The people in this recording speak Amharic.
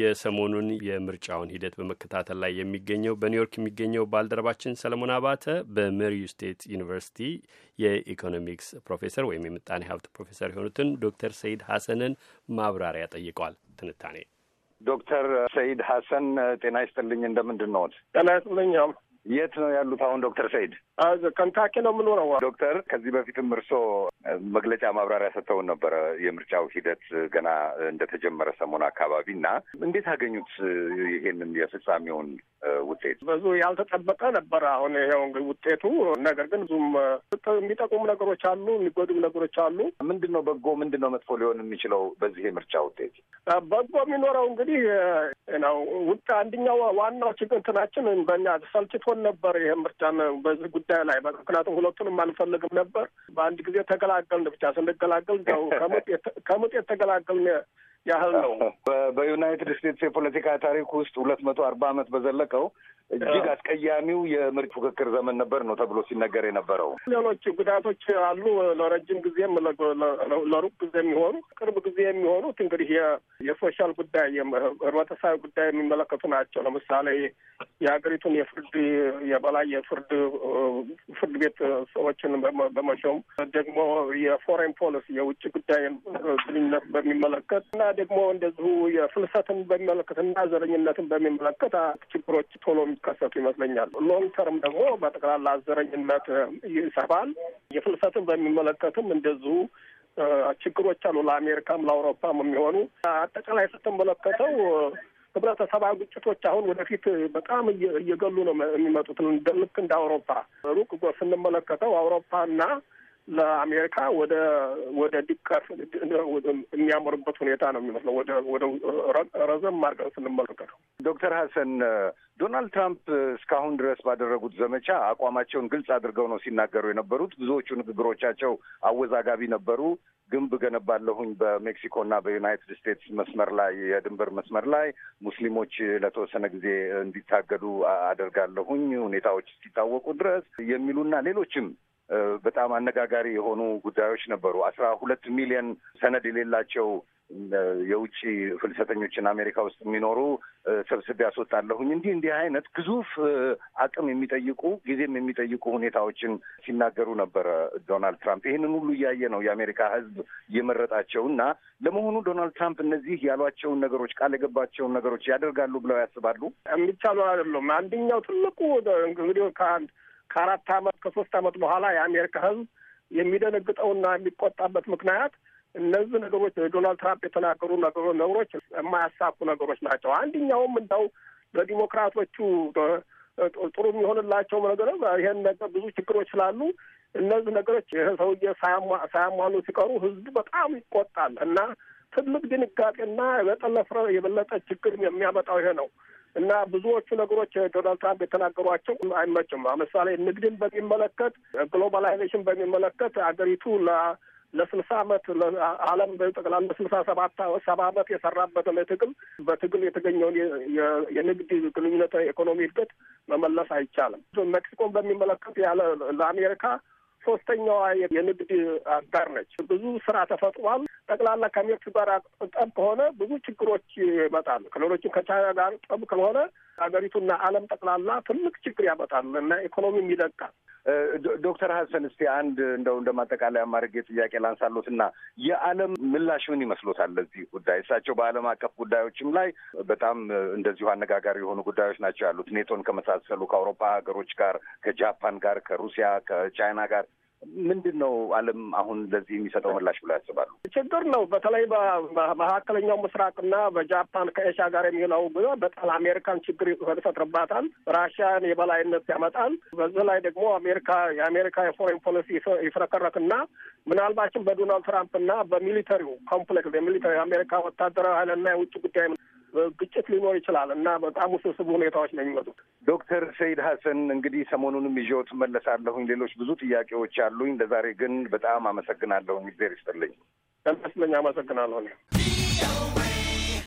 የሰሞኑን የምርጫውን ሂደት በመከታተል ላይ የሚገኘው በኒውዮርክ የሚገኘው ባልደረባችን ሰለሞን አባተ በሜሪ ስቴት ዩኒቨርሲቲ የኢኮኖሚክስ ፕሮፌሰር ወይም የምጣኔ ሀብት ፕሮፌሰር የሆኑትን ዶክተር ሰይድ ሀሰንን ማብራሪያ ጠይቋል። ትንታኔ ዶክተር ሰይድ ሀሰን ጤና ይስጥልኝ። እንደምንድን ነዎት? ጤና ይስጥልኝ። የት ነው ያሉት አሁን ዶክተር ሰይድ? ከንታኪ ነው የምኖረው። ዶክተር ከዚህ በፊትም እርስዎ መግለጫ ማብራሪያ ሰጥተውን ነበረ የምርጫው ሂደት ገና እንደተጀመረ ሰሞን አካባቢ እና እንዴት አገኙት ይሄንን የፍጻሜውን ውጤት? ብዙ ያልተጠበቀ ነበረ። አሁን ይኸው ውጤቱ ነገር ግን ብዙም የሚጠቁም ነገሮች አሉ፣ የሚጎዱም ነገሮች አሉ። ምንድን ነው በጎ፣ ምንድን ነው መጥፎ ሊሆን የሚችለው በዚህ የምርጫ ውጤት? በጎ የሚኖረው እንግዲህ ነው ውጥ አንድኛው ዋናው ችግር እንትናችን በእኛ ሰልችቶን ነበር ይሄ ምርጫን በዚህ ጉዳይ ላይ ምክንያቱም ሁለቱንም አንፈልግም ነበር። በአንድ ጊዜ ተገላገልን። ብቻ ስንገላገል ው ከምጥ የተገላገልን ያህል ነው። በዩናይትድ ስቴትስ የፖለቲካ ታሪክ ውስጥ ሁለት መቶ አርባ ዓመት በዘለቀው እጅግ አስቀያሚው የምርጫ ፉክክር ዘመን ነበር ነው ተብሎ ሲነገር የነበረው። ሌሎች ጉዳቶች አሉ። ለረጅም ጊዜም ለሩቅ ጊዜ የሚሆኑ ቅርብ ጊዜ የሚሆኑት እንግዲህ የሶሻል ጉዳይ ህብረተሰባዊ ጉዳይ የሚመለከቱ ናቸው። ለምሳሌ የሀገሪቱን የፍርድ የበላይ የፍርድ ፍርድ ቤት ሰዎችን በመሾም ደግሞ የፎሬን ፖሊሲ የውጭ ጉዳይ ግንኙነት በሚመለከት እና ደግሞ እንደዚሁ የፍልሰትን በሚመለከት እና ዘረኝነትን በሚመለከት ችግሮች ቶሎ የሚከሰቱ ይመስለኛል። ሎንግ ተርም ደግሞ በጠቅላላ ዘረኝነት ይሰፋል። የፍልሰትን በሚመለከትም እንደዚሁ ችግሮች አሉ። ለአሜሪካም ለአውሮፓም የሚሆኑ አጠቃላይ ስትመለከተው ህብረተሰባዊ ግጭቶች አሁን ወደፊት በጣም እየገሉ ነው የሚመጡት። ልክ እንደ አውሮፓ ሩቅ ስንመለከተው አውሮፓና ለአሜሪካ ወደ ወደ ድቀት የሚያምርበት ሁኔታ ነው የሚመስለው። ወደ ወደ ረዘም አድርገን ስንመለከተው ዶክተር ሀሰን ዶናልድ ትራምፕ እስካሁን ድረስ ባደረጉት ዘመቻ አቋማቸውን ግልጽ አድርገው ነው ሲናገሩ የነበሩት። ብዙዎቹ ንግግሮቻቸው አወዛጋቢ ነበሩ። ግንብ ገነባለሁኝ በሜክሲኮ እና በዩናይትድ ስቴትስ መስመር ላይ የድንበር መስመር ላይ ሙስሊሞች ለተወሰነ ጊዜ እንዲታገዱ አደርጋለሁኝ ሁኔታዎች እስኪታወቁ ድረስ የሚሉና ሌሎችም በጣም አነጋጋሪ የሆኑ ጉዳዮች ነበሩ። አስራ ሁለት ሚሊዮን ሰነድ የሌላቸው የውጭ ፍልሰተኞችን አሜሪካ ውስጥ የሚኖሩ ሰብስቤ ያስወጣለሁኝ። እንዲህ እንዲህ አይነት ግዙፍ አቅም የሚጠይቁ ጊዜም የሚጠይቁ ሁኔታዎችን ሲናገሩ ነበረ ዶናልድ ትራምፕ። ይህንን ሁሉ እያየ ነው የአሜሪካ ሕዝብ የመረጣቸው እና ለመሆኑ ዶናልድ ትራምፕ እነዚህ ያሏቸውን ነገሮች ቃል የገባቸውን ነገሮች ያደርጋሉ ብለው ያስባሉ? የሚቻሉ አይደለም። አንደኛው ትልቁ እንግዲህ ከአንድ ከአራት ዓመት ከሶስት አመት በኋላ የአሜሪካ ህዝብ የሚደነግጠውና የሚቆጣበት ምክንያት እነዚህ ነገሮች ዶናልድ ትራምፕ የተናገሩ ነገሮች የማያሳኩ ነገሮች ናቸው። አንደኛውም እንደው ለዲሞክራቶቹ ጥሩ የሚሆንላቸው ነገር ይሄን ነገር ብዙ ችግሮች ስላሉ እነዚህ ነገሮች ይህ ሰውዬ ሳያሟሉ ሲቀሩ ህዝቡ በጣም ይቆጣል እና ትልቅ ድንጋጤና የበለጠ ችግር የሚያመጣው ይሄ ነው። እና ብዙዎቹ ነገሮች ዶናልድ ትራምፕ የተናገሯቸው አይመችም። ለምሳሌ ንግድን በሚመለከት ግሎባላይዜሽን በሚመለከት አገሪቱ ለስልሳ አመት አለም ጠቅላላ ለስልሳ ሰባት ሰባ አመት የሰራበትን ትግል በትግል የተገኘውን የንግድ ግንኙነት ኢኮኖሚ እድገት መመለስ አይቻልም። ሜክሲኮን በሚመለከት ያለ ለአሜሪካ ሶስተኛዋ የንግድ አጋር ነች። ብዙ ስራ ተፈጥሯል። ጠቅላላ ከሜክስ ጋር ጠብ ከሆነ ብዙ ችግሮች ይመጣሉ። ከሌሎችም ከቻይና ጋር ጠብ ከሆነ ሀገሪቱና ዓለም ጠቅላላ ትልቅ ችግር ያመጣል እና ኢኮኖሚም ይለቃል። ዶክተር ሀሰን እስቲ አንድ እንደው እንደ ማጠቃለያ ማድረግ ጥያቄ ላንሳሎት እና የዓለም ምላሽ ምን ይመስሎታል ለዚህ ጉዳይ? እሳቸው በዓለም አቀፍ ጉዳዮችም ላይ በጣም እንደዚሁ አነጋጋሪ የሆኑ ጉዳዮች ናቸው ያሉት ኔቶን ከመሳሰሉ ከአውሮፓ ሀገሮች ጋር ከጃፓን ጋር ከሩሲያ ከቻይና ጋር ምንድን ነው ዓለም አሁን ለዚህ የሚሰጠው ምላሽ ብሎ ያስባሉ? ችግር ነው። በተለይ በመካከለኛው ምስራቅና በጃፓን ከኤሻ ጋር የሚለው በጣል አሜሪካን ችግር ይፈጥርባታል። ራሽያን የበላይነት ያመጣል። በዚህ ላይ ደግሞ አሜሪካ የአሜሪካ የፎሬን ፖሊሲ ይፍረከረክና ምናልባችም በዶናልድ ትራምፕና በሚሊተሪው ኮምፕሌክስ የሚሊተሪ የአሜሪካ ወታደራዊ ኃይልና የውጭ ጉዳይ ግጭት ሊኖር ይችላል እና በጣም ውስብስብ ሁኔታዎች ነው የሚመጡት። ዶክተር ሰይድ ሀሰን እንግዲህ ሰሞኑንም ይዤው መለሳለሁኝ። ሌሎች ብዙ ጥያቄዎች አሉኝ። ለዛሬ ግን በጣም አመሰግናለሁ። ሚዜር ይስጥልኝ። ይመስለኝ አመሰግናለሁ።